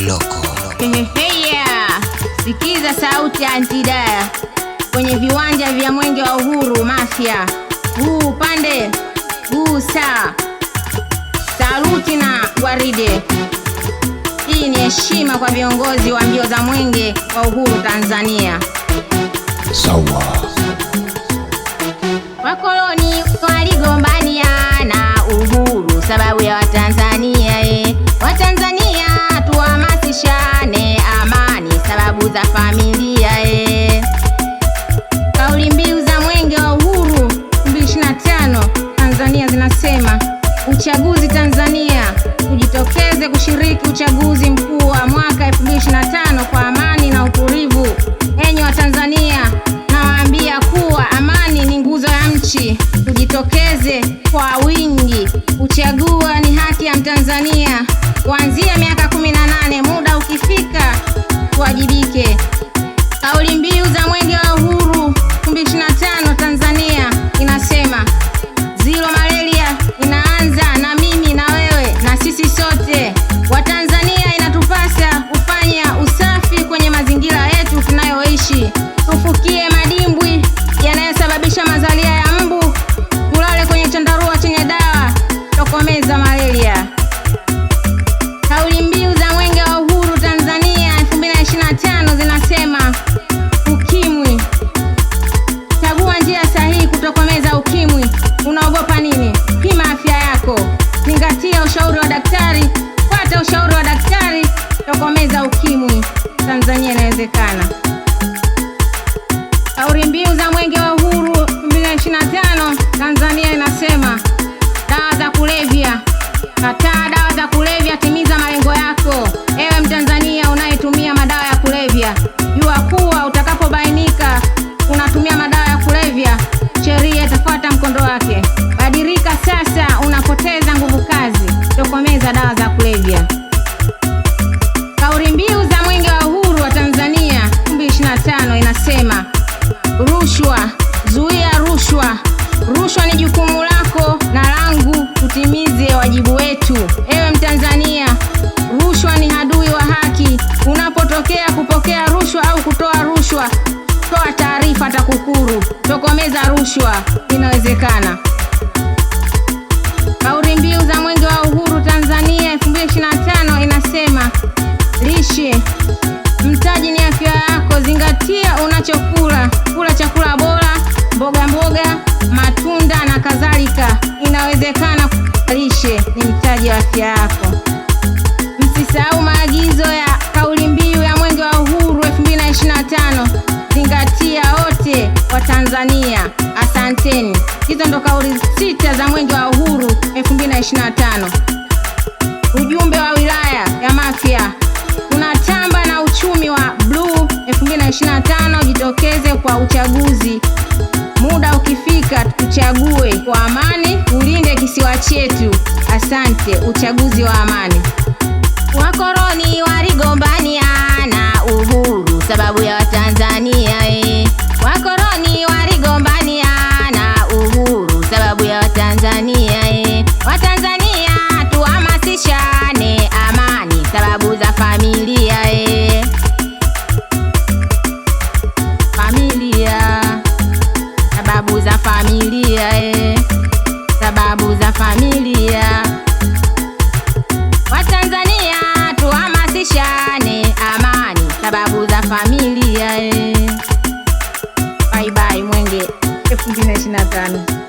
Loco. Yeah. Sikiza sauti ya Antidaya kwenye viwanja vya Mwenge wa Uhuru Mafia, huu upande huu saa saruti na gwaride. Hii ni heshima kwa viongozi wa mbio za Mwenge wa Uhuru Tanzania. Sawa wakoloni waligombania za familia e. Kauli mbiu za mwenge wa uhuru 2025 Tanzania zinasema uchaguzi Tanzania, ujitokeze kushiriki uchaguzi mkuu wa mwaka 2025 kwa amani na utulivu. Enyi tanzania nawaambia kuwa amani ni nguzo ya nchi. ujitokeze kwa wingi, uchagua ni haki ya Mtanzania kuanzia miaka kumi ufukie madimbwi yanayosababisha mazalia ya mbu, kulale kwenye chandarua chenye dawa, tokomeza malaria. Kauli mbiu za Mwenge wa Uhuru Tanzania 2025 zinasema ukimwi, chagua njia sahihi kutokomeza ukimwi. Unaogopa nini? Pima afya yako, zingatia ushauri wa daktari, fuata ushauri wa daktari, tokomeza ukimwi. Tanzania inawezekana. Kauli mbiu za mwenge wa uhuru 2025 Tanzania inasema dawa za kulevya, kataa dawa Tokomeza rushwa, inawezekana. Tanzania, asanteni. Hizo ndo kauli sita za mwenge wa uhuru 2025. Ujumbe wa wilaya ya Mafia tunatamba na uchumi wa bluu 2025, jitokeze kwa uchaguzi, muda ukifika tuchague kwa amani, ulinde kisiwa chetu. Asante, uchaguzi wa amani. Wakoroni waligombania na uhuru sababu ya Nathan.